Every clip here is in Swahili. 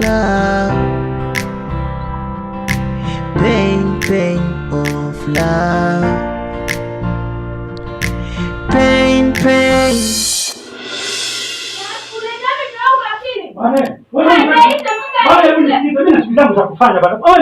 love, pain, pain of love, pain, pain.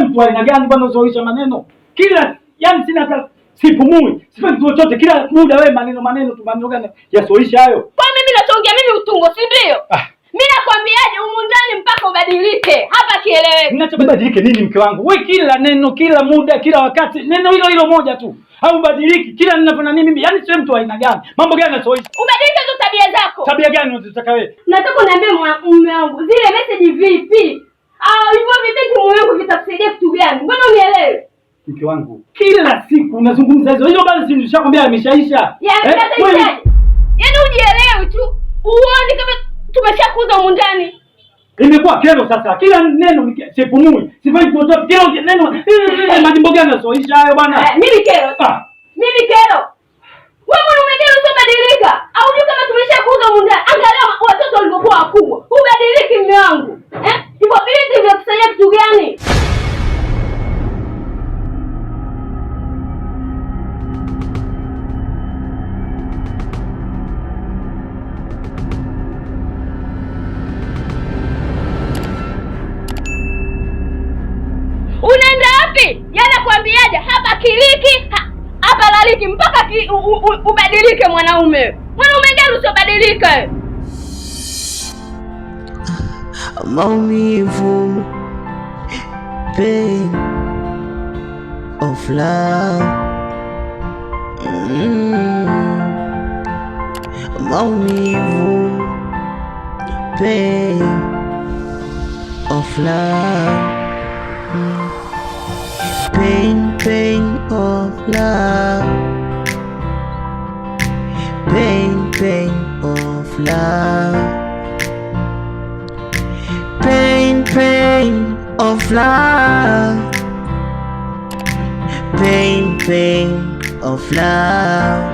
Mtu aina gani bwana, uzoisha maneno kila yani, sina hata sipumui, chochote, kila muda wewe maneno maneno tu, maneno gani yasoisha hayo? Kwa mimi nachoongea mimi utungo, si ndio? Ah, mimi nakwambiaje, humu ndani mpaka ubadilike, hapa kieleweke. Ninachobadilike nini mke wangu? Wewe kila neno, kila muda, kila wakati neno hilo hilo moja tu. Au badiliki kila ninapona nini mimi? Yaani sio mtu aina gani? Mambo gani unachoishi? Ubadilike tu tabia zako. Tabia gani unazotaka wewe? Nataka niambie mume wangu, zile message vipi? Ah, hivyo vipi mume wangu vitakusaidia kitu gani? Mbona unielewe? Mke wangu, kila siku unazungumza hizo. Hiyo basi nishakwambia ameshaisha. Eh? Yaani eh, ujielewe tu. Uone kama tumeshakuza humu ndani. Imekuwa kero sasa, kila neno sipumui, sifai kutoa kero neno. Eh, majimbo gani yasoisha hayo bwana? Eh, mimi kero, ah. mimi kero. Wewe mwanaume kero, usibadilika au juu kama tumeshakuza humu ndani. Angalia watoto walivyokuwa wakubwa, ubadiliki mme wangu eh? Hivyo vitu vya kusanya kitu gani? moja hapa kiliki hapa laliki mpaka ki, u, u, ubadilike mwanaume. Mwanaume gani usiobadilike? Maumivu pain of love mm. Maumivu pain of love love. Pain, pain of love. Pain, pain of love.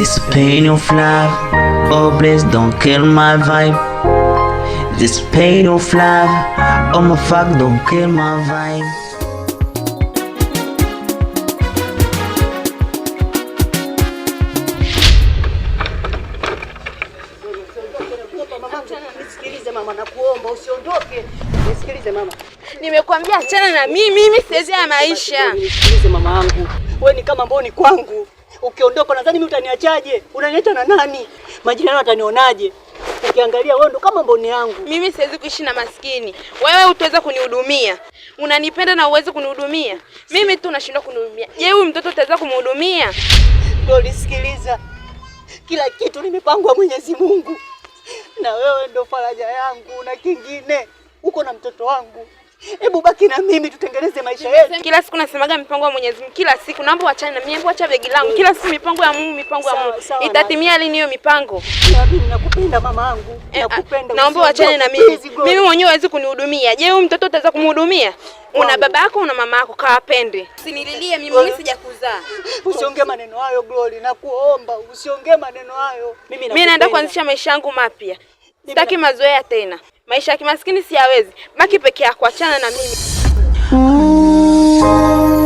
This pain of love, oh please don't kill my vibe. This pain of love, oh my fuck don't kill my vibe. Nimekuambia achana na mimi, mimi siwezi ya maisha. Nisikilize mama wangu, wewe ni kama mboni kwangu. Ukiondoka nadhani mimi utaniachaje? Unaniacha na nani? Majirani watanionaje? Ukiangalia wewe ndo kama mboni yangu. Mimi siwezi kuishi na maskini. Wewe utaweza kunihudumia? Unanipenda na uweze kunihudumia? Mimi tu nashindwa kunihudumia. Je, huyu mtoto utaweza kumhudumia? Ndio, nisikiliza. Kila kitu nimepangwa Mwenyezi Mungu, na wewe ndo faraja yangu na kingine, uko na mtoto wangu Hebu baki na mimi tutengeneze maisha yetu. Kila siku nasemaga mipango ya Mwenyezi Mungu, kila siku naomba uachane na mimi, hebu acha begi langu. Kila siku mipango ya Mungu, mipango ya Mungu. Itatimia lini hiyo mipango? Mimi Nakupenda mama yangu, eh, ah, Nakupenda. Naomba uachane na mimi. Mimi mwenyewe hawezi kunihudumia. Je, huyu mtoto utaweza kumhudumia? Una baba yako, una mama yako, kawapende. Usinililie mimi, mimi sijakuzaa. Usiongee maneno hayo Glory, nakuomba usiongee maneno hayo. Mimi naenda kuanzisha maisha yangu mapya. Sitaki mazoea tena. Maisha ya kimaskini siyawezi. Baki peke yako, achana na mimi. Mm.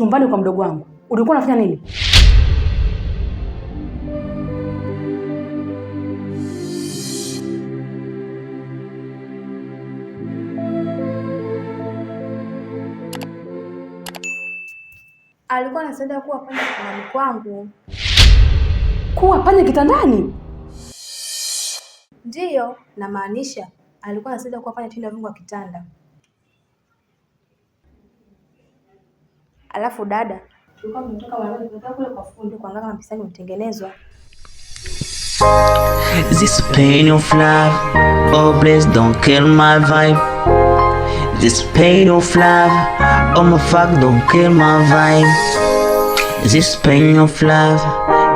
chumbani kwa mdogo wangu, ulikuwa unafanya nini? Alikuwa anasaidia kuwa panya kitandani kwangu. Kuwa panya kitandani? Ndiyo, namaanisha alikuwa anasaidia kuwa panya chini ya wa kitanda. Alafu dada, kule kwa fundi This pain of love, oh please don't kill my vibe. This pain of love, oh my fuck don't kill my vibe. This pain of love,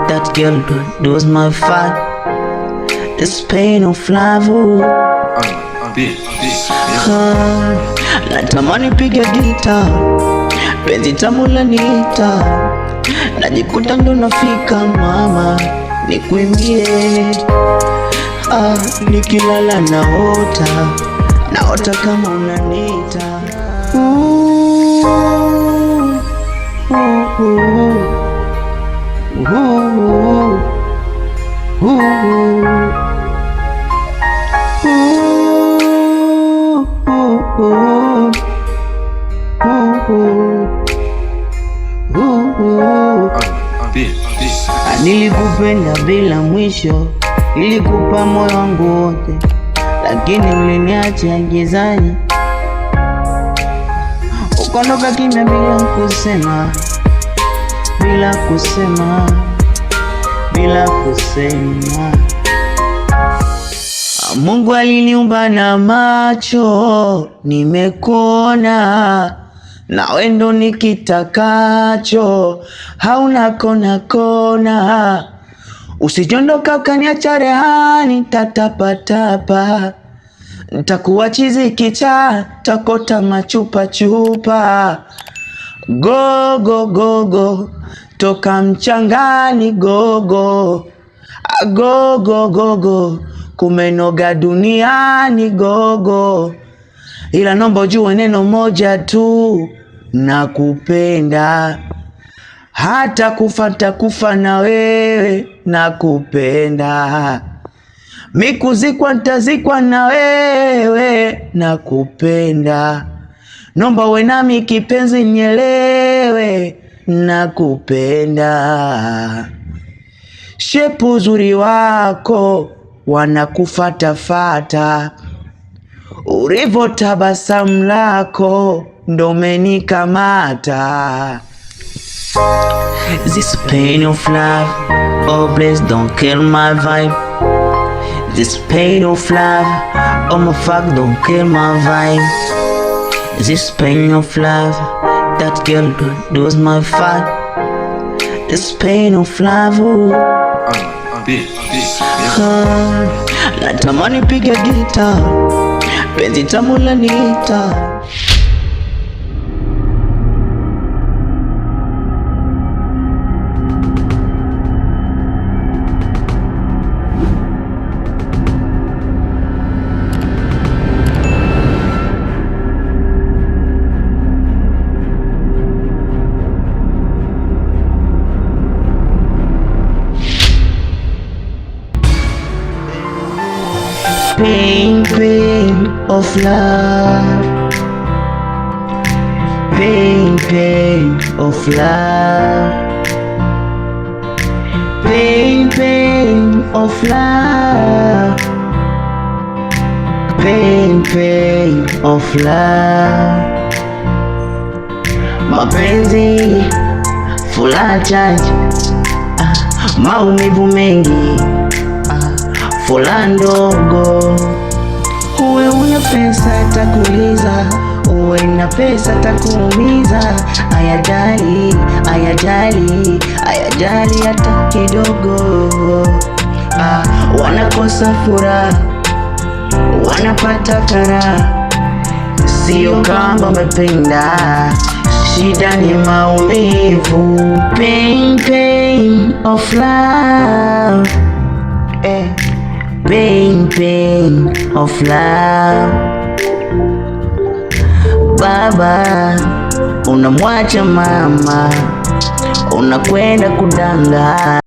that girl lose my fuck. This pain of love, oh. Ah, ah, ah, natamani piga gita penzi tamu nita najikuta ndo nafika mama, nikuimbie. Ah, nikilala naota, naota kama unanita. ooh, ooh, ooh. Nilikupenda bila mwisho, nilikupa moyo wangu wote, lakini uliniacha gizani, ukaondoka kimya bila kusema, bila kusema, bila kusema. Mungu aliniumba na macho, nimekuona na wendo ni kitakacho, hauna kona kona, usijondoka ukaniacha rehani, tatapatapa ntakuwa chizi kicha takota machupa chupa, gogo gogo toka mchangani, gogo gogo gogo kumenoga duniani, gogo ila naomba ujue neno moja tu, nakupenda. Hata kufa ntakufa na wewe, nakupenda. Mikuzikwa ntazikwa na wewe, nakupenda. Nomba uwe nami kipenzi, nyelewe, nakupenda. Shepu uzuri wako wanakufatafata fata Urivo tabasamu lako ndo umenikamata. This pain of love, oh please don't kill my vibe. This pain of love, oh my fuck don't kill my vibe. This pain of love, that girl does my fuck. This pain of love, oh. Uh, Natamani piga gita పెంచి చముల నీచ of love Pain, pain of love Pain, pain of love Pain, pain of love Mapenzi, fula chache ah, Maumivu mengi ah, Fula ndogo Uwe una pesa takuliza, uwe na pesa takuumiza. Ayajali, ayajali, ayajali hata kidogo. Ah, wanakosa furaha, wanapata karaha, sio kama umependa Shida ni maumivu, pain, pain of love eh pain, pain of love. Baba unamwacha mama, unakwenda kudanga